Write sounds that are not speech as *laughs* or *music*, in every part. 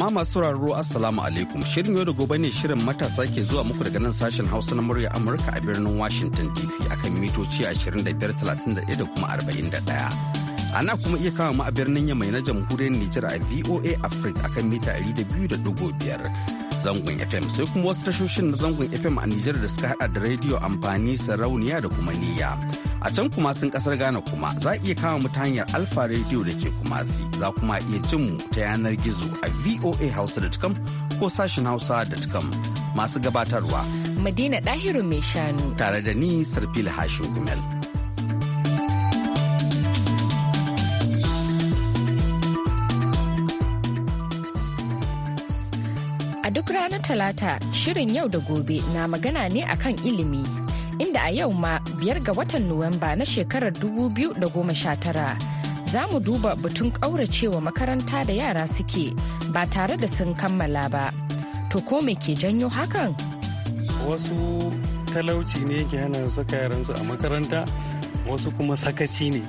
Jama'a masu sauraro Assalamu alaikum shirin yau da gobe ne shirin matasa ke zuwa muku daga nan sashen Hausa na murya Amurka a birnin Washington DC akan mitoci 2531 da kuma 41. Ana kuma iya kawo mu a birnin Yamai na jamhuriyar Nijar a VOA Africa akan mita 200.5 zangon FM sai kuma wasu tashoshin na zangon FM a Nijar da suka hada da rediyo amfani sarauniya da kuma niyya. A can kuma sun kasar Ghana kuma za iya kama mu ta hanyar Alfa rediyo da ke Kumasi za kuma iya jin mu ta yanar gizo a voahausa.com ko sashin hausa.com masu gabatarwa. Madina Dahiru mai shanu. Tare da ni Sarfila Hashim Gumel. duk ranar Talata, shirin yau da gobe na magana ne akan ilimi. Inda a yau ma biyar ga watan Nuwamba na shekarar 2019 za mu duba batun ƙauracewa makaranta da yara suke ba tare da sun kammala ba. To ko me ke janyo hakan? Wasu talauci ne ke hana saka yaransu a makaranta, wasu kuma sakaci ne.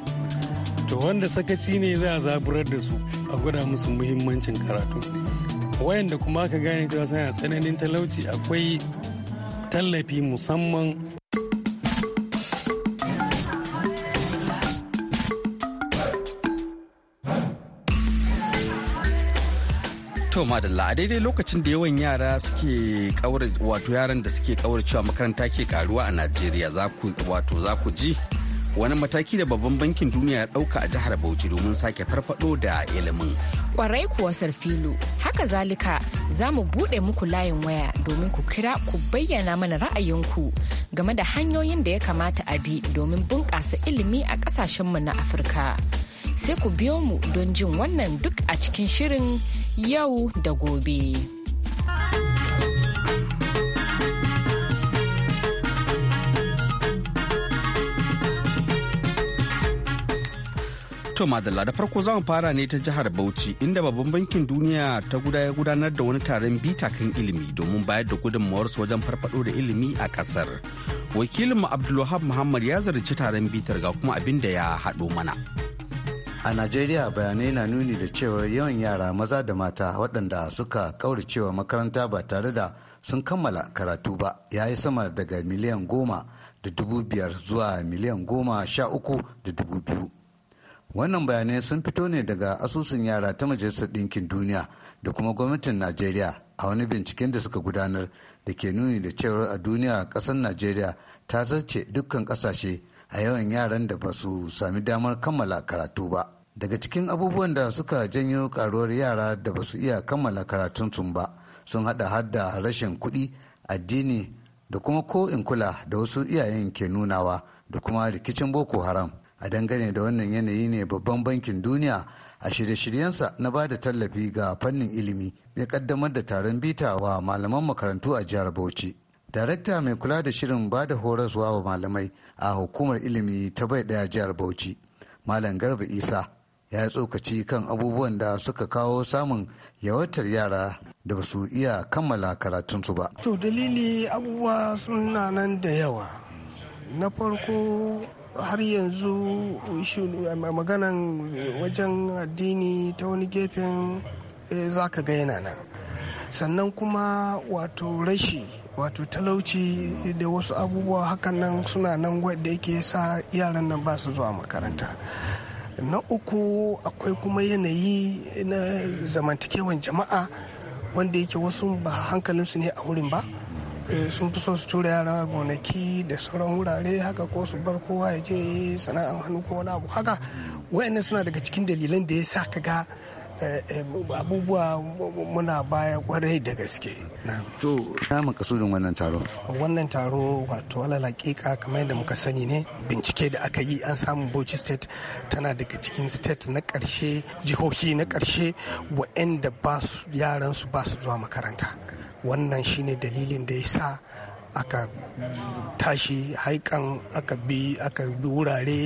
To wanda sakaci ne za a zaburar da su a gwada musu muhimmancin karatu. wayanda kuma ka gane cewa suna tsananin talauci akwai tallafi musamman To madalla a daidai lokacin da yawan yara suke kaura wato yaran da suke cewa makaranta ke karuwa a Najeriya za ku wato za ku ji wani mataki da babban bankin duniya ya dauka a jihar Bauchi domin sake farfado da ilimin Kwarai kuwa Sarfilu, haka zalika za mu buɗe muku layin waya domin ku kira ku bayyana mana ra'ayinku game da hanyoyin da ya kamata a bi domin bunƙasa ilimi a ƙasashenmu na Afirka. Sai ku biyo mu don jin wannan duk a cikin shirin yau da gobe. To madalla da farko zamu fara ne ta jihar Bauchi inda babban bankin duniya ta gudanar da wani taron bita kan ilimi domin bayar da su wajen farfado da ilimi a kasar. Wakilinmu Abdulwahab Muhammad ya zarci taron bitar ga kuma abin da ya haɗo mana. A Najeriya bayanai na nuni da cewa yawan yara maza da mata waɗanda suka cewa makaranta ba tare da sun kammala karatu ba ya yi sama daga miliyan goma da dubu biyar zuwa miliyan goma sha uku da dubu biyu. wannan bayanai sun fito ne daga asusun yara ta majalisar ɗinkin duniya da kuma gwamnatin najeriya a wani binciken da suka gudanar da ke nuni da cewar a duniya ƙasar najeriya ta zarce dukkan ƙasashe a yawan yaran da ba su sami damar kammala karatu ba daga cikin abubuwan da suka janyo karuwar yara da ba su iya kammala karatun karatunsu ba sun hada hadda rashin kuɗi addini da kuma ko in kula da wasu iyayen ke nunawa da kuma rikicin boko haram a dangane da wannan yanayi ne babban bankin duniya a shirye-shiryensa na ba da tallafi ga fannin ilimi ya kaddamar da taron bita wa malaman makarantu a jihar bauchi darakta mai kula da shirin ba da horaswa wa malamai a hukumar ilimi ta bai daya jihar bauchi malam garba isa ya tsokaci kan abubuwan da suka kawo samun yawatar yara da ba su iya kammala karatunsu ba to dalili abubuwa suna nan da yawa na farko har yanzu maganan wajen addini ta wani gefen eh, za ka ga yana nan sannan kuma wato rashi wato talauci da wasu abubuwa hakan nan suna nan wadda yake sa yaran nan ba su zuwa makaranta na uku akwai kuma yanayi na zamantakewan jama'a wanda yake wasu ba hankalinsu ne a wurin ba Eh, sun fi so su tura yara gonaki da sauran wurare haka ko su bar kowa ya je sana'an hannu ko wani abu haka wayannan suna daga cikin dalilan da ya sa ka ga eh, eh, abubuwa muna baya kwarai da gaske. To, na makasudin wannan taro? Wannan taro wato alal kamar yadda muka sani ne bincike da aka yi an samu Bauchi state tana daga cikin state na karshe jihohi na karshe wa'anda yaran su ba su zuwa makaranta. wannan shine dalilin da ya sa aka tashi haikan aka bi aka bi wurare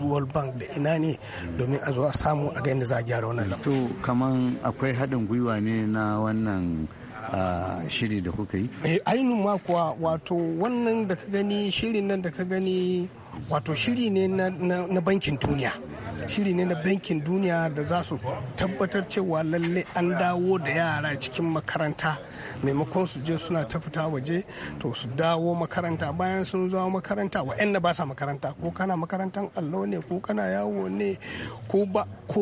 world bank da ina ne domin a zo a samu a ga yadda za a gyara wannan to kaman akwai haɗin gwiwa ne na wannan ah, shiri da kuka yi? Eh, ainihin ma kuwa wato wannan da ka gani shirin nan da ka gani wato shiri ne na bankin duniya shiri ne na bankin duniya da za su tabbatar cewa lalle an dawo da yara cikin makaranta maimakon su je suna ta fita waje to su dawo makaranta bayan sun zama makaranta wa'yan ba sa makaranta ko kana makarantar allo ne ko kana yawo ne ko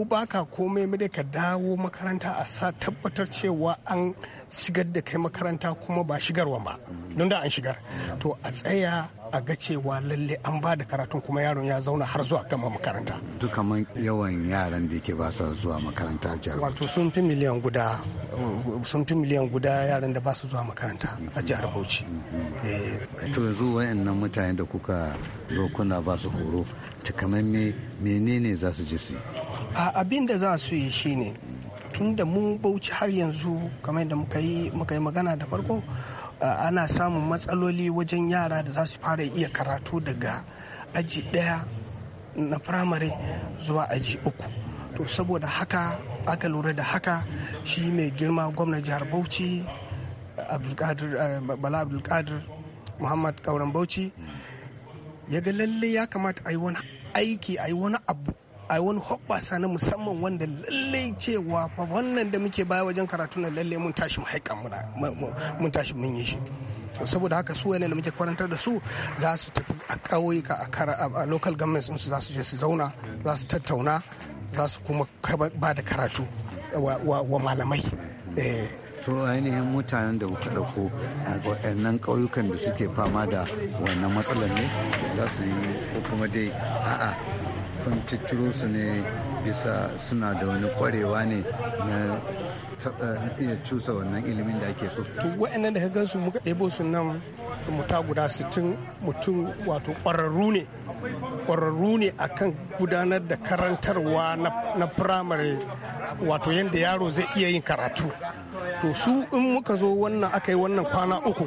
ba ka komai mai ka dawo makaranta a sa tabbatar cewa an shigar da kai makaranta kuma ba shigarwa ba don da an shigar to a tsaya a ga cewa lalle an ba da karatun kuma yaron ya zauna har zuwa gama makaranta duka man yawan yaran da ke ba su zuwa makaranta jihar wato sun fi miliyan guda sun fi miliyan guda yaran da ba su zuwa makaranta a jihar mm-hmm. bauchi mm-hmm. Eh. to yanzu wayannan mutane da kuka zo kuna ba su horo takamaimai menene za su je su yi abin da za su yi shine tun da mu bauchi har yanzu kamar da muka yi magana da farko Eh, ana samun matsaloli wajen yara da za su fara iya karatu daga aji ɗaya na firamare zuwa aji uku to saboda haka aka lura da haka shi mai girma gwamnan jihar bauchi eh, bala abdulkadir muhammad kauran bauchi ya ga lalle ya kamata a yi wani aiki a yi wani abu a wani hoɓɓasa na musamman wanda lallai cewa fa wannan da muke baya wajen karatu na lallai mun tashi mu mun tashi mun yi shi saboda haka su wani da muke kwarantar da su za su tafi a ƙauyuka a local governments su za su je su zauna za su tattauna za su kuma ba da karatu wa malamai So eh. ainihin mutanen da kuka dauko a waɗannan ƙauyukan da suke fama da wannan matsalar ne za su yi ko kuma dai a'a kun cicciro su ne bisa suna da wani kwarewa ne na eh, iya cusa wannan ilimin da ake so. To wa'annan da ka su muka ɗebo su nan muta guda sittin mutum wato ƙwararru ne ƙwararru ne akan gudanar da karantarwa na firamare wato yadda yaro zai iya yin karatu. to su in muka zo wannan aka yi wannan kwana uku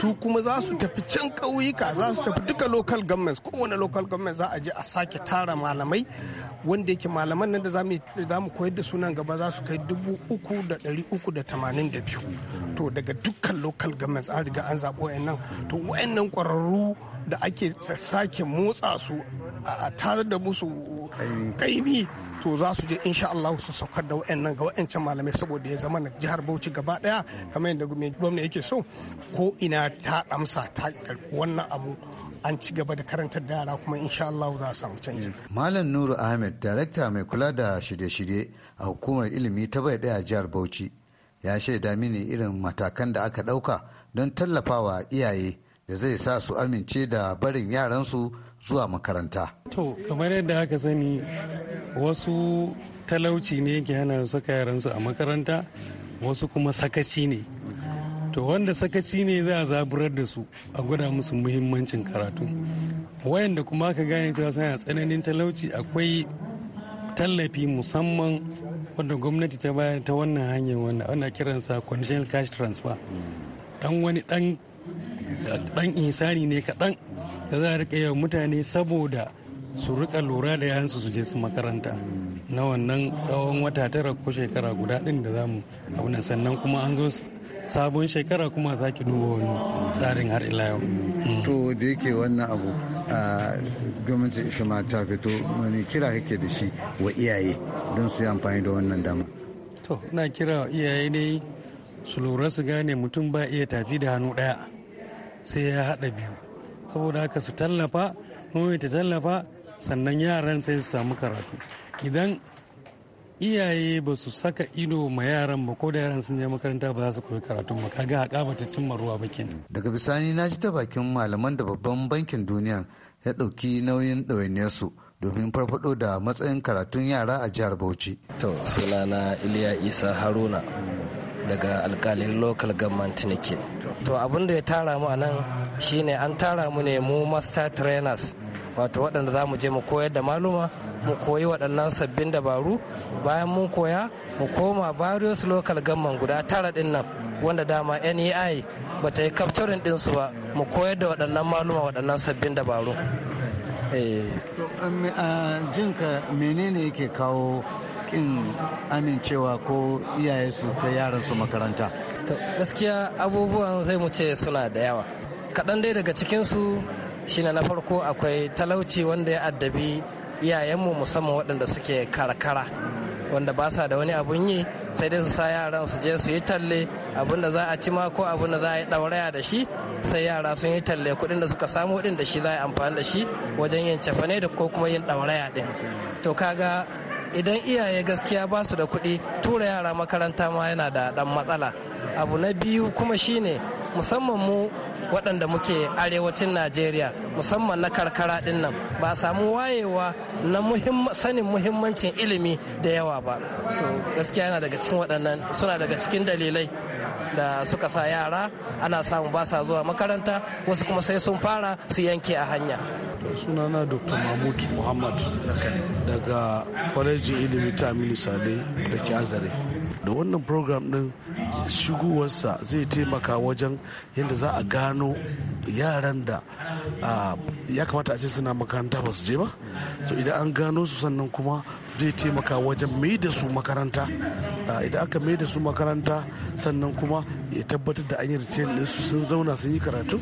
su kuma za su tafi can ƙauyuka za su tafi duka local governments kowane local government za a je a sake tara malamai wanda yake malaman nan da za mu koyar da sunan gaba za su kai dubu uku da ɗari uku da tamanin da biyu to daga dukkan local governments an riga an zaɓo nan to wayannan kwararru. da ake sake motsa su a tazar da musu kaimi to za su je insha Allah su saukar da nan ga wa'ancan malamai saboda ya zama jihar Bauchi gaba daya kamar yadda gwamnati yake so ko ina ta amsa ta wannan abu an ci gaba da karantar da yara kuma insha Allah za a samu canji. Malam Nuru Ahmed, darakta mai kula da shirye-shirye a hukumar ilimi ta bai daya jihar Bauchi, ya shaida mini irin matakan da aka dauka don tallafawa iyaye da zai sa su amince da barin yaransu zuwa makaranta. To, kamar yadda aka sani wasu talauci ne yake hana su saka yaransu a makaranta, wasu kuma sakaci ne. To, wanda sakaci ne za a zaburar da su a gwada musu muhimmancin karatu. Wayanda kuma aka gane cewa suna tsananin talauci akwai tallafi musamman wanda gwamnati ta bayar ta wannan hanyar wanda ana kiransa conditional cash transfer. Dan wani dan dan insani ne kaɗan da za a rika yawan mutane saboda su rika lura da yayansu su je su makaranta na wannan tsawon wata tara ko shekara guda ɗin da za mu abu sannan kuma an zo sabon shekara kuma za ki duba wani tsarin har ila yau. Mm. To da yake wannan abu a gwamnati ita ma ta fito wani kira kake da shi wa iyaye don su yi amfani da wannan dama. To na kira wa iyaye dai su lura su gane mutum ba iya tafi da hannu ɗaya. sai ya haɗa biyu saboda haka su tallafa mawai ta tallafa sannan yaran sai su samu karatu idan iyaye ba su saka ido ma yaran ba ko da yaran sun je makaranta ba za su koyi karatun ba kaga haƙa ba ta cimma ruwa ba daga bisani na ji ta bakin malaman da babban bankin duniya ya ɗauki nauyin su domin farfado da matsayin karatun yara a jihar bauchi to sunana iliya isa haruna daga alkalin local government ke to abin da ya tara mu a nan shine an tara mu ne mu master trainers wato waɗanda za mu je mu koyar da maluma mu koyi waɗannan sabbin dabaru bayan mun koya mu koma various local government guda tara ɗin nan wanda dama nei ba ta yi capturing su ba mu koyar da waɗannan maluma waɗannan sabbin dabaru eh. um, uh, jinka menene yake kawo kin amincewa ko iyaye su kai yaran su makaranta gaskiya abubuwan zai mu ce suna da yawa kaɗan dai daga cikinsu shine na farko akwai talauci wanda ya addabi iyayenmu musamman waɗanda suke karkara wanda ba sa da wani abun yi sai dai su sa yaran su je su yi talle abinda za a ci ma ko abinda za a yi ɗauraya da shi sai yara sun yi talle kuɗin da suka samu ɗin da shi za a yi amfani da shi wajen yin cefane da ko kuma yin ɗauraya din. to kaga idan iyaye gaskiya ba su da kuɗi tura yara makaranta ma yana da ɗan matsala abu na biyu kuma shine musamman mu waɗanda muke arewacin najeriya musamman na karkara ɗin nan ba a samu wayewa na sanin muhimmancin ilimi da yawa ba to gaskiya yana daga cikin waɗannan suna daga cikin dalilai da suka sa yara ana samu basa zuwa makaranta wasu kuma sai sun fara su yanke a hanya sunana dr mahmud muhammad daga kwalejin ilimi ta aminu sade da ke azare da wannan program din shigowarsa zai taimaka wajen yadda za a gano yaran da ya kamata a ce suna makaranta ba su je ba so idan an gano su sannan kuma zai taimaka wajen mai da su makaranta idan aka mai da su makaranta sannan kuma ya tabbatar da an yi su sun zauna sun yi karatu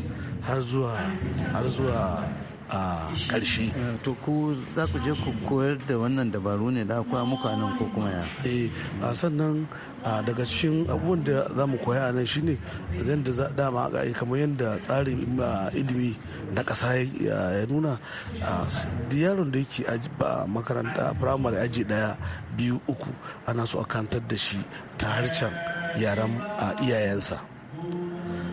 har zuwa a karshe. Eh, to ku za ku je ku koyar da wannan dabaru ne da kwa muku a nan ko kuma ya? Eh sannan daga cikin abubuwan da za mu koya a nan shine zan da dama ga kamar yadda tsarin ilimi na ƙasa ya nuna yaron da yake a makaranta firamare aji daya biyu uku ana so a kantar da shi ta harshen yaren iyayensa.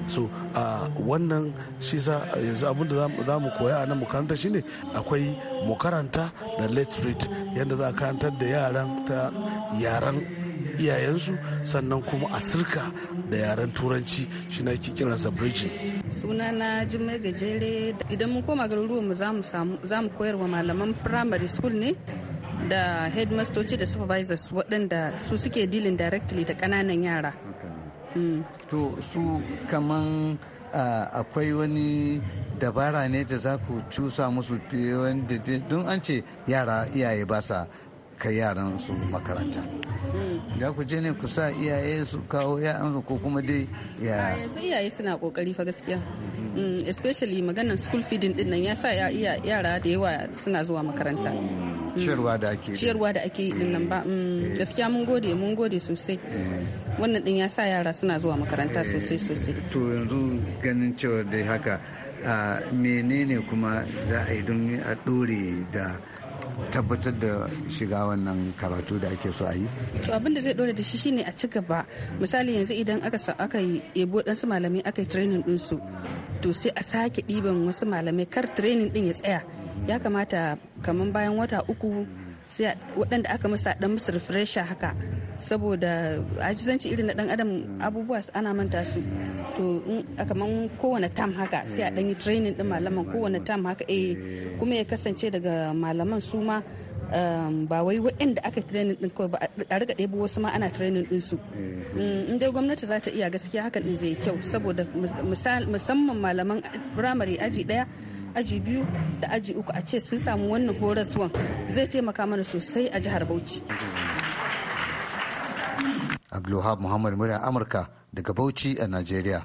so a wannan shi za yanzu abin da za mu koya a nan makaranta shine akwai mu karanta da let's read yadda za a karantar da yaran ta yaran iyayensu sannan kuma a sirka da yaren turanci shi na ake kiransa bridging suna na jimai gajere idan mun koma garuruwanmu za mu koyar wa malaman primary school ne da headmaster da supervisors waɗanda su suke dealing directly da ƙananan yara to su kaman akwai wani dabara ne da za ku cusa musu wanda don an ce yara iyaye ba sa kai yaran su makaranta ya ku je ne ku sa iyaye su kawo yaran ko kuma dai ya iyaye suna kokari fa gaskiya mm, especially maganar school feeding din nan ya sa yara da yawa suna zuwa makaranta Mm. ciyarwa da ake ciyarwa da ake din nan ba mm, eh. Eh. gaskiya mun gode mun gode sosai eh. wannan din ya sa yara suna zuwa makaranta sosai sosai to yanzu ganin cewa dai haka menene kuma za a yi don a dore da tabbatar da shiga wannan karatu da ake so a yi? To abin da zai dore da shi shine a ci gaba. Misali yanzu idan aka aka yebo dan malamai aka yi training su to sai a sake diban wasu malamai kar training din ya tsaya. ya kamata kamar bayan wata uku waɗanda aka masa dan musu refresher haka saboda ajizanci irin na dan adam abubuwa ana manta su to kamar kowane tam haka sai a dan yi training din malaman kowane tam haka eh kuma ya kasance daga malaman su ma ehm, ba wai waɗanda aka training din kawai ba a riga ɗebo wasu ma ana training din su mm, in dai gwamnati za ta iya gaskiya hakan din zai kyau saboda musamman malaman firamare aji ɗaya aji biyu da aji uku a ce sun samu wannan horaswan zai taimaka mana sosai a jihar bauchi abdulwahab muhammad murya amurka daga bauchi a najeriya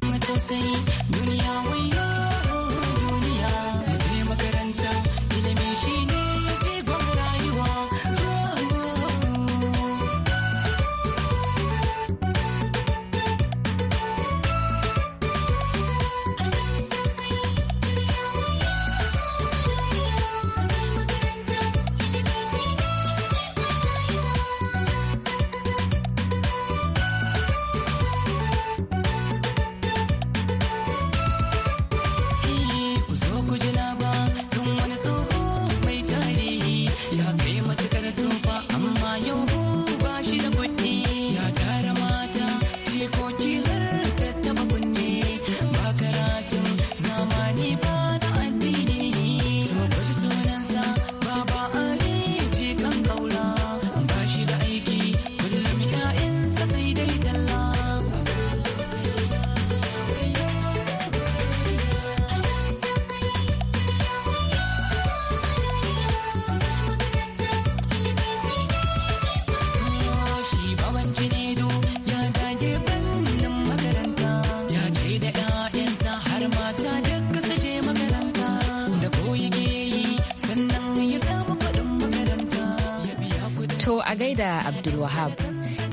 da Abdulwahab.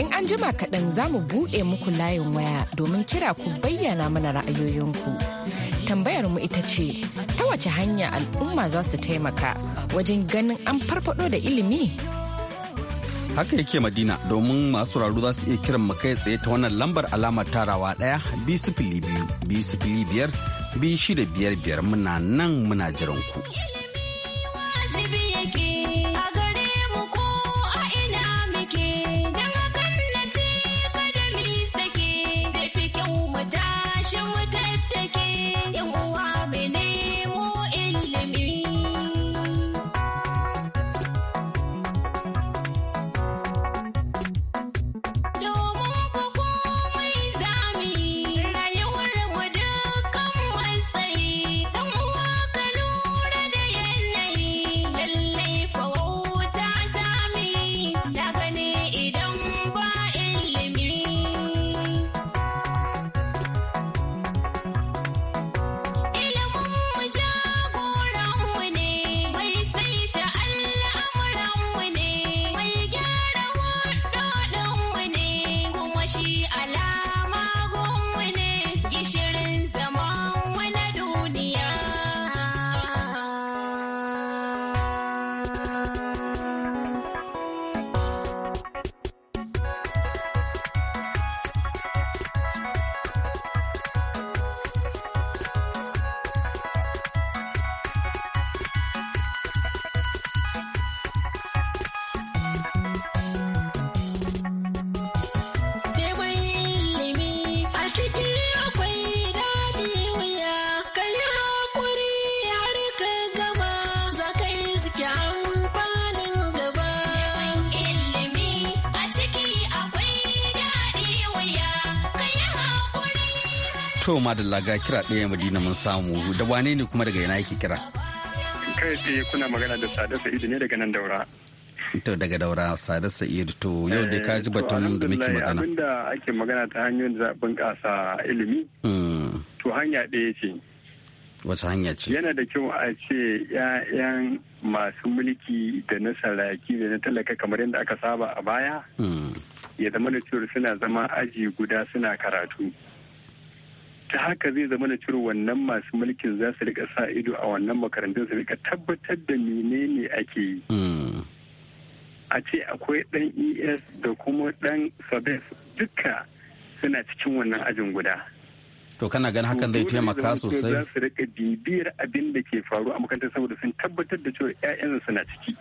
In an jima kaɗan za mu buɗe muku layin waya domin kira ku bayyana mana ra'ayoyinku. Tambayar mu ita ce, ta wace hanya al'umma za su taimaka wajen ganin an farfado da ilimi? Haka yake Madina domin masu raro za su iya kiran mu kai tsaye ta wannan lambar alamar tarawa ɗaya bi biyu bi fili biyar bi shida biyar biyar muna nan muna jiran ku. To madalla ga kira ɗaya madina mun samu da wane ne kuma daga yana yake kira? Kai tsaye kuna magana da Sada Sa'idu ne daga nan daura. To daga daura Sada Sa'idu to yau da ka ji eh, batun da muke magana. Abinda ake magana ta hanyoyin da ƙasa ilimi. Hmm. To hanya ɗaya ce. Wata hanya ce? Yana da kyau a ce 'ya'yan masu mulki da na saraki da na talaka kamar yadda aka saba a baya. Hmm. Ya zama da cewa suna zama aji guda suna karatu. ta haka zai zama na ciro wannan masu mulkin za su rika sa ido a wannan makarantun su rika tabbatar da menene ake yi hmm. a ce akwai dan es da kuma dan sabes duka suna cikin wannan ajin guda to kana ganin hakan zai taimaka sosai za su rika bibiyar abin da ke faru a makarantar saboda sun tabbatar da cewa 'ya'yansu suna ciki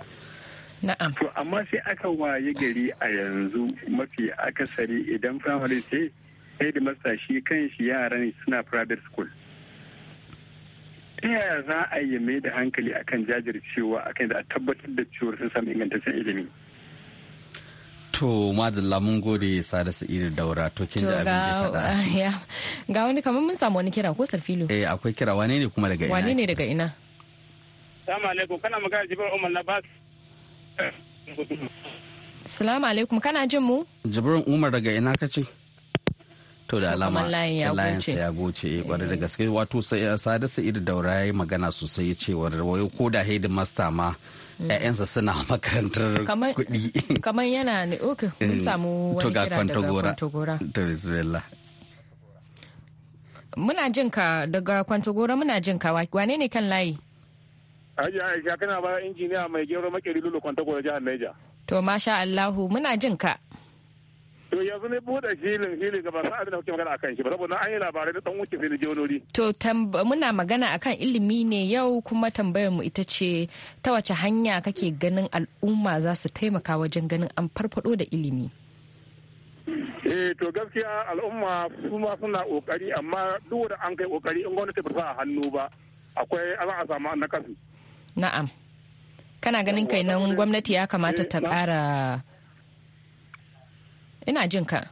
Na'am. To amma sai aka waye gari a yanzu mafi akasari idan firamare ce headmaster shi kan shi yaran suna private school ta yaya za a yi mai da hankali akan jajircewa akan da a tabbatar da cewar sun samu ingantaccen ilimi To madalla mun gode sada sa'idu daura to kin ji abin da faɗa. *laughs* Ga wani kamar mun samu wani kira ko sarfilo. Eh akwai kira wane ne kuma daga ina? Wane ne daga ina? Salamu alaikum kana magana Jibril Umar Labas. Salamu alaikum kana jin mu? Jibril Umar daga ina kace? to da alama alliance ya goce eh, kwarai da eh. gaske wato eh, sada sa'idu daura ya magana sosai cewar wayo ko da haidin masta ma ‘ya’yansa mm. suna *laughs* makarantar kuɗi *laughs* kamar yana ne ok mun mm. samu wani kira daga Kwantogora." muna jin ka daga Kwantogora muna jin ka wane ne kan layi Aji Aisha kana ba injiniya mai gero makeri lulu Kwantogora jihar Neja. To masha Allahu muna jin ka. to yanzu ne bude filin filin gaba sa abin da kuke magana akan shi ba saboda an yi labarai da tsawon wuce filin jonori to muna magana akan ilimi ne yau kuma tambayar mu ita ce ta wace hanya kake ganin al'umma za su taimaka wajen ganin an farfado da ilimi eh to gaskiya al'umma su ma suna kokari amma duk da an kai kokari in gwamnati ba sa hannu ba akwai za a samu kasu na'am kana ganin kai nan gwamnati ya kamata ta kara eh, ina jin ka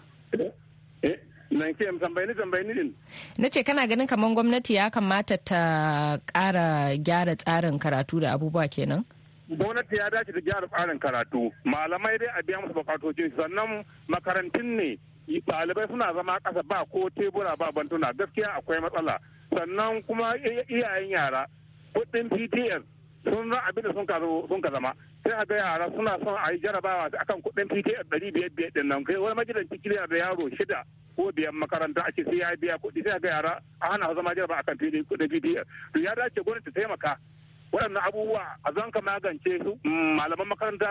eh, na ke tambayi tambayi na ce kana ganin kamar gwamnati ya kamata ta ƙara gyara tsarin karatu da abubuwa kenan gwamnati ya dace da gyara tsarin karatu malamai dai a biya musu bukatocin sannan makarantun ne ɗalibai suna zama ƙasa ba ko tebura ba bantuna gaskiya akwai matsala sannan kuma iyayen yara kuɗin pts sun za abin da sun ka sun ka zama sai ga yara suna son a yi jarabawa kan kuɗin PTA ɗari biyar biyar ɗin nan kai wani majalan kiliya da yaro shida ko biyan makaranta ake sai ya biya kuɗi sai ga yara a hana zama jarabawa akan kuɗin PTA to ya dace gwamnati ta taimaka waɗannan abubuwa a zanka magance su malaman makaranta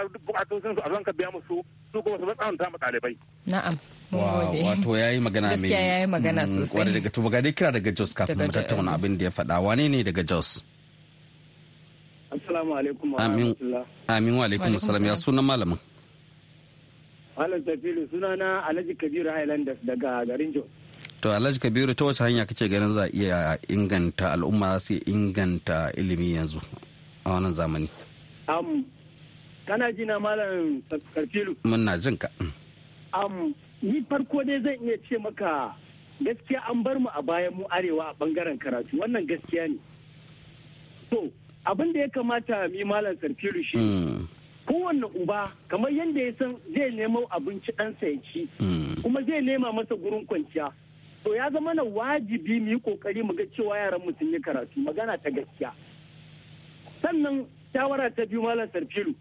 sun su a zanka biya musu su kuma su matsanta ma ɗalibai. Na'am. Wato ya yi magana mai. Gaskiya ya yi magana mm, sosai. Wadda daga tuba gani kira daga Jos kafin mu tattauna abin da ya faɗa wane ne daga Jos? Assalamu alaikum wa Amin wa alaikum assalam ya sunan malamin. Malam suna sunana Alhaji Kabiru Highlanders daga garin Jos. To Alhaji Kabiru ta wace hanya kake ganin za iya inganta al'umma za su inganta ilimi yanzu a wannan zamani? Am kana ji na malam Safiru. Muna jin ka. Mm. Am ni farko dai zan iya ce maka gaskiya an bar mu a bayan mu arewa a bangaren karatu wannan gaskiya ne. To abin da ya kamata mi malam sarfiru shi hmm. kowanne uba kamar yadda ya san zai nemo abinci ɗansa ya ci hmm. kuma zai nema masa gurin kwanciya to ya zama na wajibi mu yi kokari mu ga cewa yaran mu sun yi karatu magana ta gaskiya sannan shawara ta biyu malam sarfiru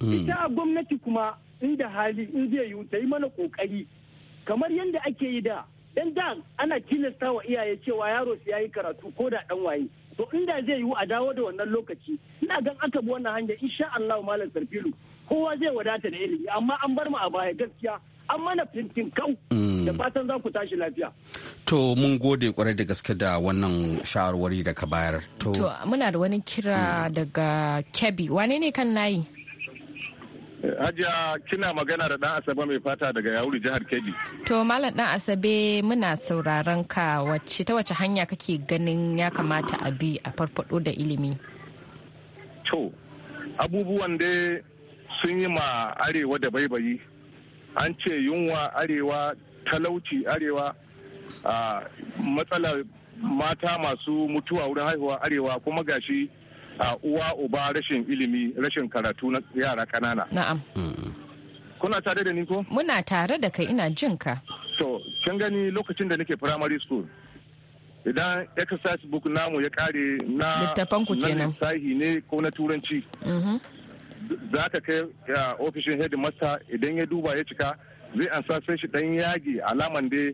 hmm. ita gwamnati kuma inda hali in zai yiwu ta yi mana kokari kamar yadda ake yi da dan da ana tilasta wa iyaye cewa yaro su yi karatu ko da dan waye to inda zai yiwu a dawo da wannan lokaci ina gan aka bi wannan hanya insha Allah malam sarfilu kowa zai wadata da ilimi amma an bar mu a baya gaskiya an mana fintin kau mm. da fatan za ku tashi lafiya to mun gode kwarai da gaske da wannan shawarwari da ka bayar to muna da wani kira mm. daga Kebbi wane ne kan nayi Hajiya kina magana da ɗan Asabe mai fata daga Yauri jihar Kebbi. To Malam ɗan Asabe muna sauraron ka wacce ta wace hanya kake ganin ya kamata a bi a farfado da ilimi? To abubuwan da sun yi ma arewa da baibayi an ce yunwa arewa talauci arewa matsalar mata masu mutuwa wurin haihuwa arewa kuma gashi uwa uba rashin ilimi rashin karatu na yara kanana na'am kuna tare da ni ko muna tare da kai ina jin ka So, kin gani lokacin da nake primary school idan exercise book namu ya kare na littafan ku kenan sahi ne ko na turanci mhm. za ka kai uh, ofishin headmaster idan ya duba ya cika zai ansa sai shi dan yagi alaman dai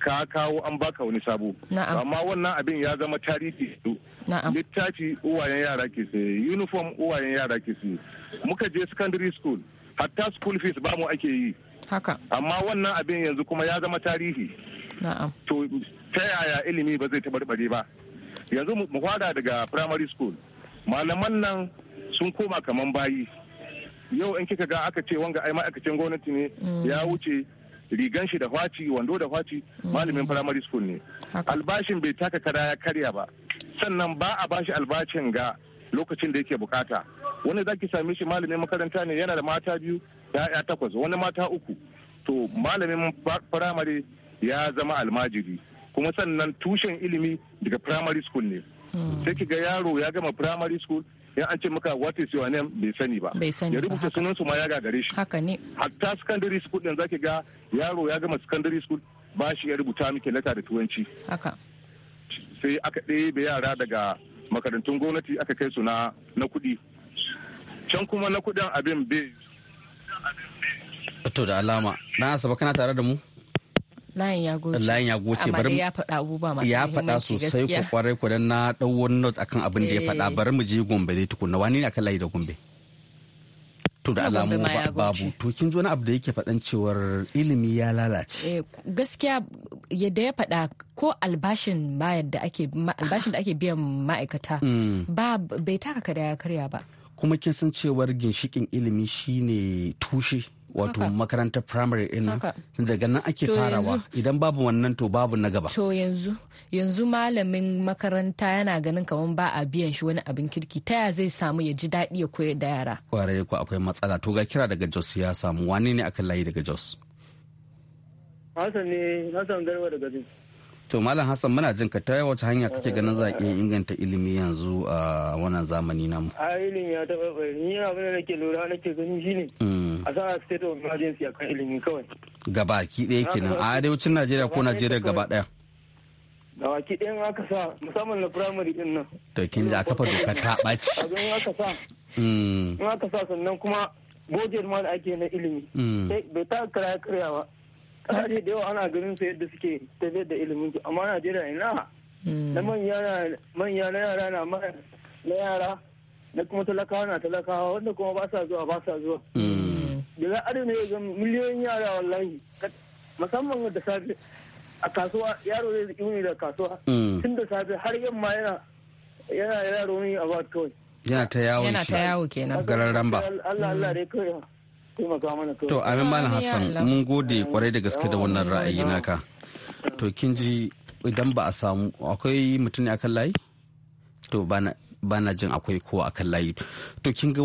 ka kawo an baka wani sabo amma wannan abin ya zama tarihi su littafi uwayen yara ke saye uniform uwayen yara ke saye muka je secondary school hatta school fees ba mu ake yi amma wannan abin yanzu kuma ya zama tarihi to ta yaya ilimi ba zai tabarbare ba yanzu mu kwada daga primary school malaman nan sun koma kamar bayi yau in kika ga aka ce wanga ai ma'aikacin gwamnati ne ya mm. wuce rigan shi da hwaci wando da hwaci mm. malamin primary school ne albashin bai taka kada ya karya ba sannan ba a bashi albashin ga lokacin da yake bukata wani za ki same shi malamin makaranta ne yana da mata biyu ya takwas wani mata uku to malamin primary ya zama almajiri kuma sannan tushen ilimi daga primary school ne mm. sai ki ga yaro ya gama primary school in an ce maka wata is your name bai sani ba bai sani ba ya rubuta sunan su ma ya gagare shi haka ne hatta secondary school din zaki ga yaro ya gama secondary school ba shi ya rubuta miki lata da tuwanci haka sai aka ɗebe yara daga makarantun gwamnati aka kai su na na kuɗi can kuma na kuɗin abin bai to da alama na asaba kana tare da mu layin ya goce layin ya goce bari ya faɗa abubuwa masu ya faɗa sosai ko kwarai ko dan na dau wani note akan abin da ya faɗa eh. bari mu je Gombe dai tukunna wani ne akan layi da Gombe to da alamu babu to kin ji wani abu da yake faɗan cewar ilimi ya lalace eh, gaskiya yadda ya faɗa ko albashin da ake albashin da ake biyan ma'aikata hmm. ba bai taka kada ya karya ba kuma kin san cewar ginshikin ilimi shine tushe wato makarantar primary nan daga nan ake farawa idan babu wannan to babu na gaba to yanzu yanzu malamin makaranta yana ganin kamar ba a biyan shi wani abin kirki ta ya zai samu ya ji daɗi ya koyar da yara kwarai ko akwai matsala to ga kira daga jos ya samu wani ne akan layi daga jos Hassan ne Garba daga Jos to malam hassan muna jin ka ta wace hanya kake ganin za iya inganta ilimi yanzu a wannan zamani namu a ilimi ya taɓa ni yana abin da nake lura nake gani shine mm. a sa state of emergency kan ilimi kawai gabaki ɗaya kenan a arewacin najeriya ko najeriya gaba ɗaya gabaki ɗaya in aka sa musamman na primary ɗin nan to kin ji a kafa doka ta ɓaci in aka sa mm. in aka sa sannan kuma bojer ma da ake na ilimi mm. bai ta karaya karyawa. ba kasashe da yawa ana ganin su yadda suke tafiyar da ilimin su amma najeriya ina hmm. na manya na yara na yara na kuma talakawa na talakawa wanda kuma ba sa zuwa ba sa zuwa hmm. da za a ne ga miliyoyin yara wallahi musamman da safe a kasuwa yaro zai ziki ne da kasuwa hmm. tun da safe har yamma yana yana yaro ne a ba kawai yana ta yawo kenan gararan ba Allah Allah dai kawai To amin Bani Hassan mun gode kwarai da gaske da wannan ra'ayi naka. To kin ji idan ba a samu akwai mutum ne akan layi? To bana jin akwai kowa akan layi. To kin ga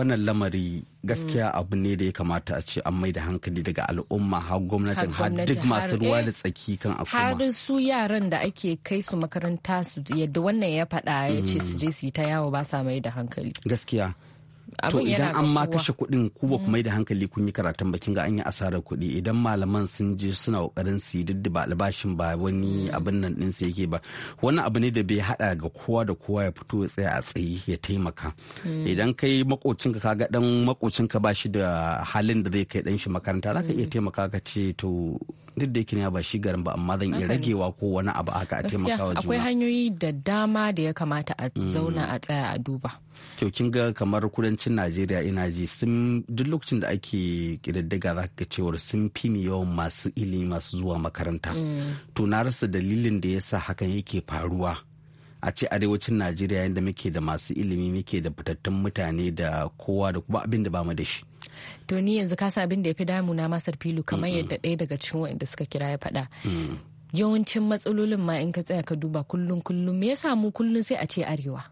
wannan lamari gaskiya mm. abu ne da ya kamata a ce an mai da hankali daga al'umma har gwamnatin har duk masu ruwa eh, da tsaki kan a har su yaran da ake kai su makaranta su yadda wannan ya faɗa ya ce su mm. je su yi ta yawo ba sa mai da hankali. Gaskiya. to idan an ma kashe kuɗin ku ba mm. mai da hankali kun yi karatun bakin ga an yi asarar kuɗi idan malaman sun je suna kokarin su yi duk albashin ba wani mm. abin nan din su yake ba wani abu ne da bai haɗa ga kowa da kowa ya fito ya tsaya a tsaye ya taimaka mm. idan kai makocinka ka ga dan makocinka ba shi da halin da zai kai dan shi makaranta za ka iya taimaka ka ce to duk da yake ba shi garin ba amma zan iya ragewa ko wani abu haka a taimaka wa juna akwai hanyoyi da dama da ya kamata a zauna a tsaya a duba to kin ga kamar kudancin najeriya ina ji sun duk lokacin da ake kididdiga za ka cewar sun fi mi yawan masu ilimi masu zuwa makaranta mm. to na rasa dalilin da yasa hakan yake faruwa a ce arewacin najeriya yadda muke da masu ilimi muke da fitattun mutane da kowa da kuma abin da ba mu da shi to ni yanzu ka abin da ya fi damu na masar filu kamar yadda ɗaya daga cikin waɗanda suka kira ya faɗa mm. yawancin matsalolin ma in ka tsaya ka duba kullum kullum me yasa mu kullum sai a ce arewa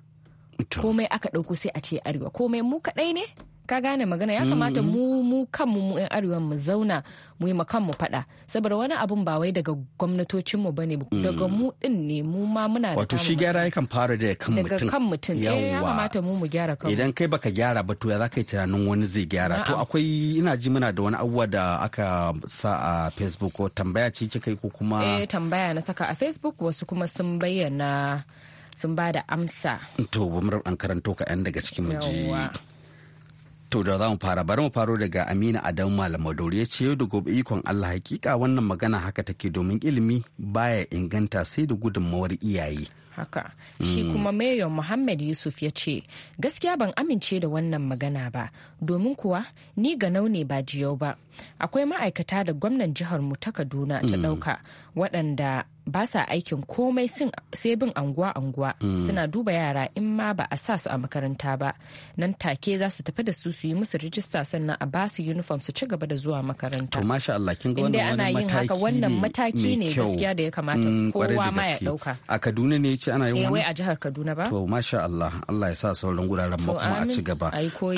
komai aka ɗauko sai a ce arewa komai mu kaɗai ne ka gane magana ya kamata mm-hmm. mu mu kanmu mu 'yan arewa mu zauna mu yi kanmu faɗa saboda wani abun ba wai daga gwamnatocin mu bane mm. daga mu din ne mu ma muna wato shi gyara yakan fara da kan mutum daga kan mutum ya kamata mu mu gyara kanmu idan kai baka gyara ba to ya zaka yi tunanin wani zai gyara to akwai ina ji muna da wani abuwa da aka sa a Facebook ko tambaya ce kika yi ko kuma eh tambaya na saka a Facebook wasu kuma sun bayyana sun ba da amsa to bumar an karanto ka ɗan daga cikin maji to da za mu fara bari mu faro daga amina adamu malam madori ya ce yau da gobe ikon allah hakika wannan magana haka take domin ilimi baya inganta sai da gudunmawar iyaye haka mm. shi kuma mayo muhammad yusuf ya ce gaskiya ban amince da wannan magana ba domin kuwa ni ga ne ba jiyau ba akwai ma'aikata da gwamnan jihar mu ta kaduna ta mm. ɗauka waɗanda ba sa aikin komai sai bin anguwa-anguwa hmm. suna duba yara in ma ba a sa su a makaranta ba nan take za su tafi da su su yi musu rijista sannan a ba su uniform su ci gaba da zuwa makaranta to masha Allah kin ga wannan ana yin haka wannan mataki ne gaskiya da ya kamata hmm, kowa ma ya dauka a Kaduna ne yace ana yin wannan eh wai a jihar Kaduna ba to masha Allah Allah ya sa sauran guraren ma kuma a ci gaba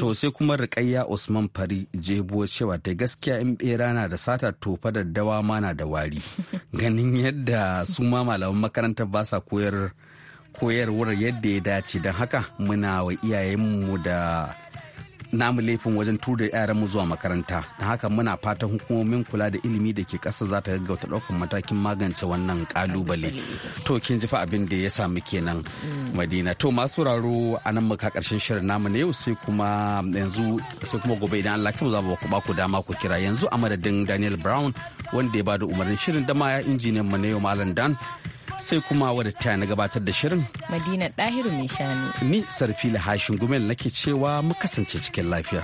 to sai kuma Rukayya Usman Fari Jebo cewa ta gaskiya in bera na da sata tofa da dawa ma na da wari *laughs* ganin yadda su ma malaman makarantar ba sa koyar koyarwar yadda ya dace don haka muna wa iyayenmu da namu laifin wajen tura yaranmu zuwa makaranta da haka muna fatan hukumomin kula da ilimi da ke ƙasa za ta gaggauta ɗaukar matakin magance wannan kalubale. to kin ji fa abin da ya samu kenan mm. madina to masu sauraro a nan muka ƙarshen shirin namu na yau sai kuma yanzu sai kuma gobe idan Allah kuma za mu ba ku dama ku kira yanzu a madadin Daniel Brown wanda ya bada umarnin shirin da ma ya injiniyan mu na yau Malam Dan sai kuma wadatta na gabatar da shirin. Madina ɗahiru mai shanu. Ni Sarfila Hashin Gumel nake cewa mu kasance cikin lafiya.